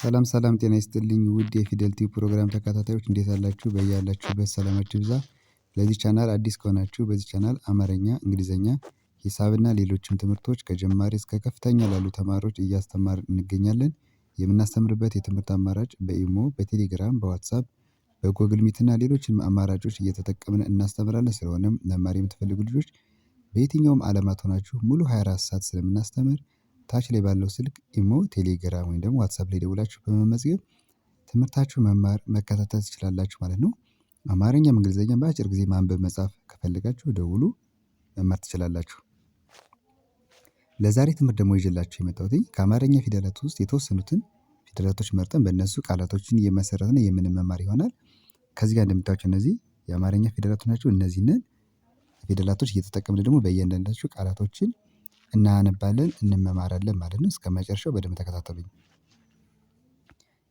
ሰላም ሰላም ጤና ይስጥልኝ ውድ የፊደል ቲዩብ ፕሮግራም ተከታታዮች እንዴት አላችሁ በያላችሁበት ሰላማችሁ ይብዛ። ለዚህ ቻናል አዲስ ከሆናችሁ በዚህ ቻናል አማርኛ እንግሊዘኛ ሂሳብና ሌሎችም ትምህርቶች ከጀማሪ እስከ ከፍተኛ ላሉ ተማሪዎች እያስተማር እንገኛለን። የምናስተምርበት የትምህርት አማራጭ በኢሞ በቴሌግራም በዋትሳፕ በጎግል ሚትና ሌሎችም አማራጮች እየተጠቀምን እናስተምራለን። ስለሆነም መማር የምትፈልጉ ልጆች በየትኛውም አለማት ሆናችሁ ሙሉ 24 ሰዓት ስለምናስተምር ታች ላይ ባለው ስልክ ኢሞ ቴሌግራም ወይም ደግሞ ዋትሳፕ ላይ ደውላችሁ በመመዝገብ ትምህርታችሁ መማር መከታተል ትችላላችሁ ማለት ነው። አማርኛም እንግሊዘኛም በአጭር ጊዜ ማንበብ መጻፍ ከፈለጋችሁ ደውሉ መማር ትችላላችሁ። ለዛሬ ትምህርት ደግሞ ይዤላችሁ የመጣሁት ከአማርኛ ፊደላት ውስጥ የተወሰኑትን ፊደላቶች መርጠን በእነሱ ቃላቶችን እየመሰረትን የምንመማር ይሆናል። ከዚህ ጋር እንደምታዩቸው እነዚህ የአማርኛ ፊደላቶች ናቸው። እነዚህን ፊደላቶች እየተጠቀምን ደግሞ በእያንዳንዳቸው ቃላቶችን እናነባለን እንመማራለን ማለት ነው። እስከ መጨረሻው በደንብ ተከታተሉኝ።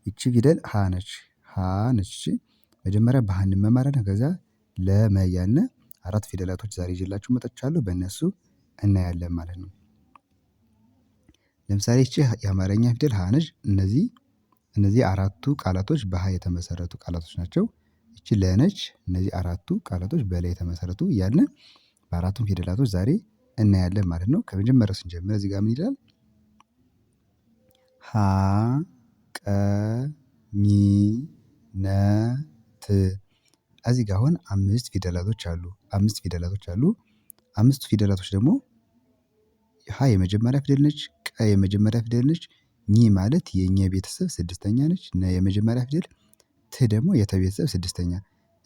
ይቺ ፊደል ሀ ነች ሀ ነች እቺ መጀመሪያ በሀ እንመማራለን ከዛ ለመያነ አራት ፊደላቶች ዛሬ ይዤላችሁ መጥቻለሁ በእነሱ እናያለን ማለት ነው። ለምሳሌ ይቺ የአማርኛ ፊደል ሀ ነች። እነዚህ እነዚህ አራቱ ቃላቶች በሀ የተመሰረቱ ቃላቶች ናቸው። ይቺ ለነች። እነዚህ አራቱ ቃላቶች በላይ የተመሰረቱ እያልን በአራቱም ፊደላቶች ዛሬ እናያለን ማለት ነው። ከመጀመሪያው ስንጀምር እዚህ ጋር ምን ይላል? ሀ ቀ ሚ ነ ት እዚህ ጋር አሁን አምስት ፊደላቶች አሉ አምስት ፊደላቶች አሉ። አምስቱ ፊደላቶች ደግሞ ሀ የመጀመሪያ ፊደል ነች። ቀ የመጀመሪያ ፊደል ነች። ኝ ማለት የኘ ቤተሰብ ስድስተኛ ነች። ነ የመጀመሪያ ፊደል ት ደግሞ የተ ቤተሰብ ስድስተኛ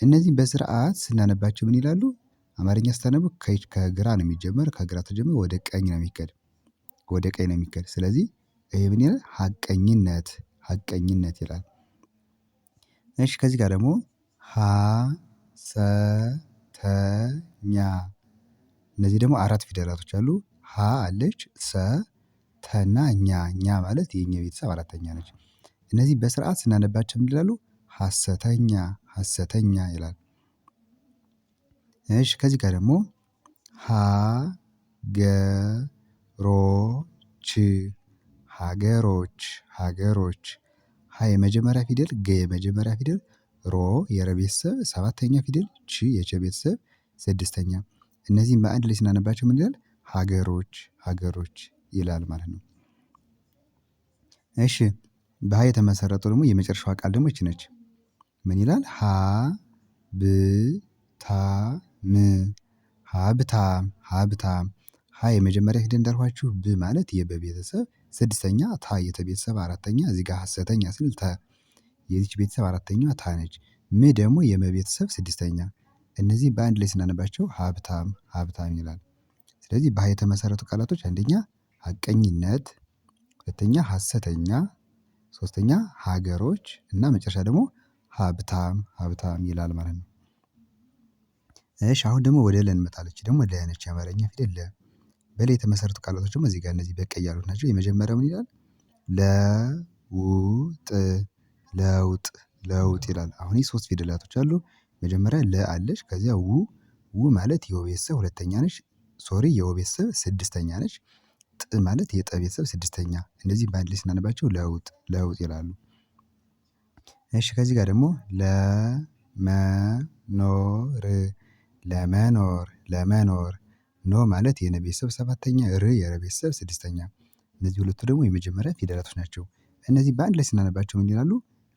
እነዚህም በስርዓት ስናነባቸው ምን ይላሉ አማርኛ ስታነቡ ከግራ ነው የሚጀመር ከግራ ተጀምሮ ወደ ቀኝ ነው የሚከድ፣ ወደ ቀኝ ነው የሚከድ። ስለዚህ ይህ ምን ይላል ሀቀኝነት ሀቀኝነት ይላል። እሺ ከዚህ ጋር ደግሞ ሀሰተኛ እነዚህ ደግሞ አራት ፊደላቶች አሉ ሀ አለች ሰ ተና ኛ ኛ ማለት የኛ ቤተሰብ አራተኛ ነች። እነዚህ በስርዓት ስናነባቸው ምን ይላሉ ሀሰተኛ ሀሰተኛ ይላል እሺ ከዚህ ጋር ደግሞ ሀገሮች ሀገሮች ሀገሮች ሀ የመጀመሪያ ፊደል ገ የመጀመሪያ ፊደል ሮ የረ ቤተሰብ ሰባተኛ ፊደል ች የቸ ቤተሰብ ስድስተኛ እነዚህም በአንድ ላይ ስናነባቸው ምን ይላል? ሀገሮች ሀገሮች ይላል ማለት ነው። እሺ በሀ የተመሰረተው ደግሞ የመጨረሻዋ ቃል ደግሞ ይች ነች። ምን ይላል? ሀ ብ ታ ም ሀብታም ሀብታም ሀ የመጀመሪያ ፊደል እንዳልኳችሁ ብ ማለት የበ ስድስተኛ ታ የተቤተሰብ አራተኛ እዚህ ጋር ሀሰተኛ ስል ተ የዚች ቤተሰብ አራተኛ ታ ነች። ም ደግሞ የመቤተሰብ ስድስተኛ እነዚህ በአንድ ላይ ስናነባቸው ሀብታም ሀብታም ይላል። ስለዚህ በሀ የተመሰረቱ ቃላቶች አንደኛ ሀቀኝነት፣ ሁለተኛ ሀሰተኛ፣ ሶስተኛ ሀገሮች እና መጨረሻ ደግሞ ሀብታም ሀብታም ይላል ማለት ነው። እሺ አሁን ደግሞ ወደ ለ እንመጣለን ደግሞ ለ ነች የአማርኛ ፊደል ለ የተመሰረቱ ቃላቶች ደግሞ እዚህ ጋር እነዚህ በቀይ ያሉት ናቸው። የመጀመሪያው ምን ይላል? ለውጥ ለውጥ ለውጥ ይላል አሁን ይሄ ሶስት ፊደላቶች አሉ። መጀመሪያ ለ አለች ከዚያ ው ው ማለት የወ ቤተሰብ ሁለተኛ ነች። ሶሪ የወ ቤተሰብ ስድስተኛ ነች። ጥ ማለት የጠ ቤተሰብ ስድስተኛ እንደዚህ በአንድ ላይ ስናነባቸው ለውጥ ለውጥ ይላሉ። እሺ ከዚህ ጋር ደግሞ ለመኖር ለመኖር ለመኖር ኖ ማለት የነ ቤተሰብ ሰባተኛ ር የረ ቤተሰብ ስድስተኛ እነዚህ ሁለቱ ደግሞ የመጀመሪያ ፊደላቶች ናቸው። እነዚህ በአንድ ላይ ስናነባቸው ምን ይላሉ?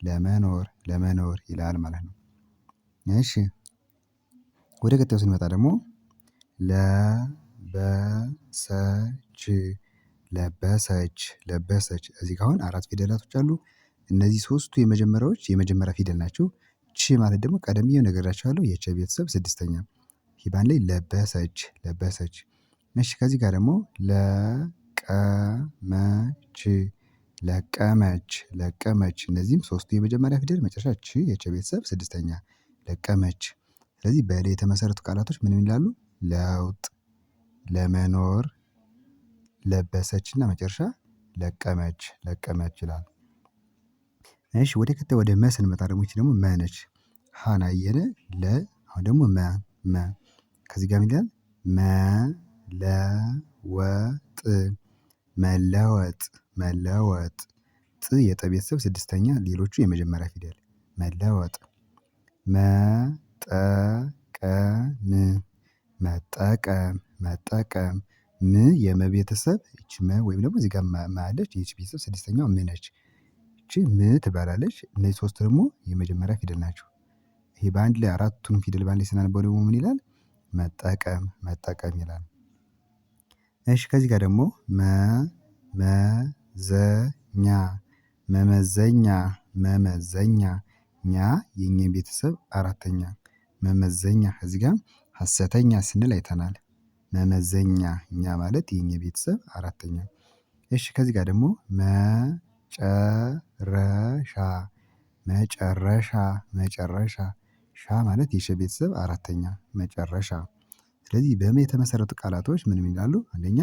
ለመኖር ለመኖር ይላል ማለት ነው። እሺ ወደ ቀጣዩ ስንመጣ ደግሞ ለበሰች ለበሰች ለበሰች እዚህ ጋር አሁን አራት ፊደላቶች አሉ። እነዚህ ሶስቱ የመጀመሪያዎች የመጀመሪያ ፊደል ናቸው። ቺ ማለት ደግሞ ቀደም ብዬ ነግሬያችኋለሁ የቸ ቤተሰብ ስድስተኛ ሂባን ላይ ለበሰች ለበሰች። እሺ ከዚህ ጋር ደግሞ ለቀመች ለቀመች ለቀመች እነዚህም ሶስቱ የመጀመሪያ ፊደል መጨረሻ ች የች ቤተሰብ ስድስተኛ ለቀመች። ስለዚህ በለ የተመሰረቱ ቃላቶች ምንም ይላሉ? ለውጥ ለመኖር ለበሰች እና መጨረሻ ለቀመች ለቀመች ይላል። እሺ ወደ ከተ ወደ መ ስንመጣ ደግሞ ይቺ ደግሞ መ ሀና አየለ ለ አሁን ደግሞ መ መ ከዚህ ጋር ሚለን መለወጥ መለወጥ መለወጥ ጥ የጠ ቤተሰብ ስድስተኛ ሌሎቹ የመጀመሪያ ፊደል መለወጥ መጠቀም መጠቀም መጠቀም ም የመ ቤተሰብ ይቺ መ ወይም ደግሞ እዚህ ጋር ማለች ይቺ ቤተሰብ ስድስተኛው ም ነች። ይቺ ም ትባላለች እነዚህ ሶስት ደግሞ የመጀመሪያ ፊደል ናቸው። ይሄ በአንድ ላይ አራቱን ፊደል በአንድ ላይ ስናነበው ደግሞ ምን ይላል? መጠቀም መጠቀም ይላል። እሺ ከዚህ ጋር ደግሞ መመዘኛ መመዘኛ መመዘኛ ኛ የኛ ቤተሰብ አራተኛ መመዘኛ ከዚህ ጋር ሀሰተኛ ስንል አይተናል። መመዘኛ እኛ ማለት የኛ ቤተሰብ አራተኛ። እሺ ከዚህ ጋር ደግሞ መጨረሻ መጨረሻ መጨረሻ ሻ ማለት የሸ ቤተሰብ አራተኛ መጨረሻ። ስለዚህ በመ የተመሰረቱ ቃላቶች ምን ይላሉ? አንደኛ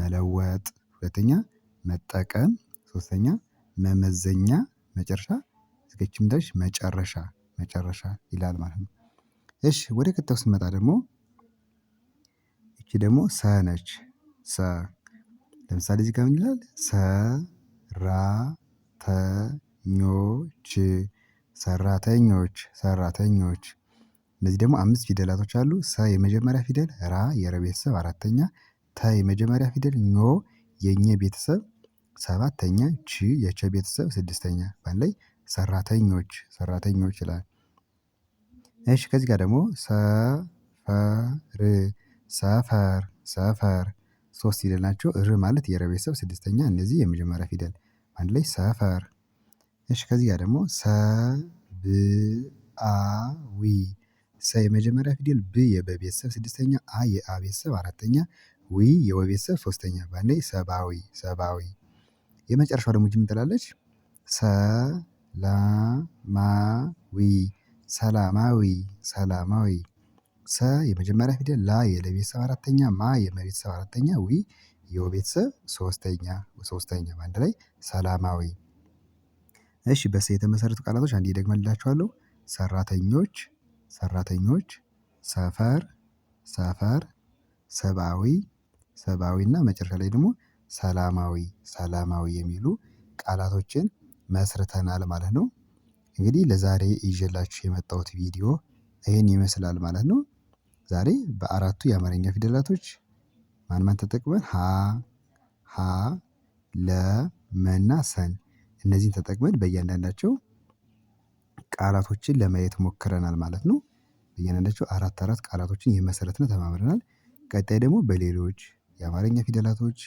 መለወጥ፣ ሁለተኛ መጠቀም፣ ሶስተኛ መመዘኛ፣ መጨረሻ እስከችም ድረስ መጨረሻ መጨረሻ ይላል ማለት ነው። እሺ ወደ ከተው ስንመጣ ደግሞ እቺ ደግሞ ሰ ነች። ሰ ለምሳሌ እዚህ ጋር ምን ይላል? ሰራተኞች ሰራተኞች ሰራተኞች እነዚህ ደግሞ አምስት ፊደላቶች አሉ። ሰ የመጀመሪያ ፊደል፣ ራ የረ ቤተሰብ አራተኛ፣ ተ የመጀመሪያ ፊደል፣ ኞ የኘ ቤተሰብ ሰባተኛ፣ ች የቸ ቤተሰብ ስድስተኛ። ባን ላይ ሰራተኞች ሰራተኞች ይላል። እሺ ከዚህ ጋር ደግሞ ሰፈር ሰፈር ሰፈር ሶስት ፊደል ናቸው። ር ማለት የረ ቤተሰብ ስድስተኛ፣ እነዚህ የመጀመሪያ ፊደል። አንድ ላይ ሰፈር እሺ ከዚህ ጋር ደግሞ ሰብአዊ ሰ የመጀመሪያ ፊደል ብ የበ ቤተሰብ ስድስተኛ አ የአ ቤተሰብ አራተኛ ዊ የወ ቤተሰብ ሶስተኛ በአንዴ ሰብአዊ ሰብአዊ። የመጨረሻው ደግሞ ጅም ምትላለች ሰላማዊ ሰላማዊ ሰላማዊ ሰ የመጀመሪያ ፊደል ላ የለ ቤተሰብ አራተኛ ማ የመ ቤተሰብ አራተኛ ዊ የወ ቤተሰብ ሶስተኛ ሶስተኛ በአንድ ላይ ሰላማዊ እሺ በሰ የተመሰረቱ ቃላቶች አንዴ ደግመላችኋለሁ። ሰራተኞች ሰራተኞች ሰፈር ሰፈር ሰብአዊ ሰብአዊ እና መጨረሻ ላይ ደግሞ ሰላማዊ ሰላማዊ የሚሉ ቃላቶችን መስርተናል ማለት ነው። እንግዲህ ለዛሬ ይዤላችሁ የመጣሁት ቪዲዮ ይህን ይመስላል ማለት ነው። ዛሬ በአራቱ የአማርኛ ፊደላቶች ማን ማን ተጠቅመን ሀ ሀ ለ መና ሰን እነዚህን ተጠቅመን በእያንዳንዳቸው ቃላቶችን ለማየት ሞክረናል ማለት ነው። በእያንዳንዳቸው አራት አራት ቃላቶችን የመሰረትነ ተማምረናል። ቀጣይ ደግሞ በሌሎች የአማርኛ ፊደላቶች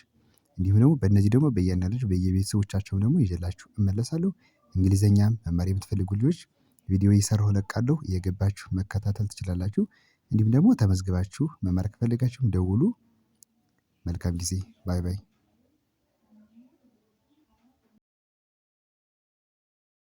እንዲሁም ደግሞ በእነዚህ ደግሞ በእያንዳንዳቸው በየቤተሰቦቻቸው ደግሞ ይዤላችሁ እመለሳለሁ። እንግሊዘኛም መማር የምትፈልጉ ልጆች ቪዲዮ እየሰራሁ እለቃለሁ እየገባችሁ መከታተል ትችላላችሁ። እንዲሁም ደግሞ ተመዝግባችሁ መማር ከፈለጋችሁም ደውሉ። መልካም ጊዜ ባይ ባይ